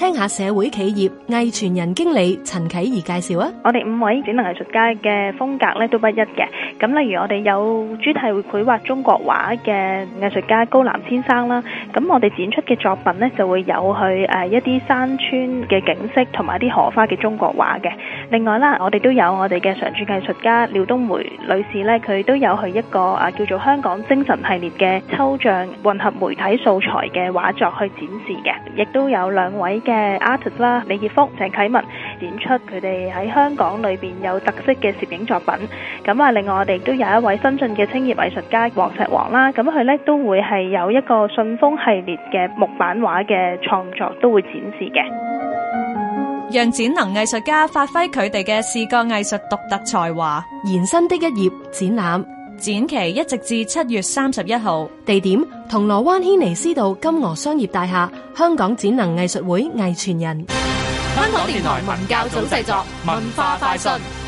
聽下社會企業藝傳人經理陳啟怡介紹啊！我哋五位展能藝術家嘅風格咧都不一嘅。咁例如我哋有主題會繪畫中國畫嘅藝術家高南先生啦。咁我哋展出嘅作品呢，就會有佢誒一啲山川嘅景色同埋一啲荷花嘅中國畫嘅。另外啦，我哋都有我哋嘅常駐藝術家廖冬梅女士呢，佢都有去一個啊叫做香港精神系列嘅抽象混合媒體素材嘅畫作去展示嘅。亦都有兩位的嘅 artist 啦，李杰峰、鄭啟文演出佢哋喺香港裏邊有特色嘅攝影作品。咁啊，另外我哋亦都有一位新晉嘅青葉藝術家黃石王啦。咁佢咧都會係有一個信封系列嘅木版畫嘅創作，都會展示嘅。讓展能藝術家發揮佢哋嘅視覺藝術獨特才華，延伸的一頁展覽展期一直至七月三十一號，地點。銅鑼灣軒尼詩道金鵝商業大廈，香港展能藝術會藝全人。香港電台文教組製作，文化快訊。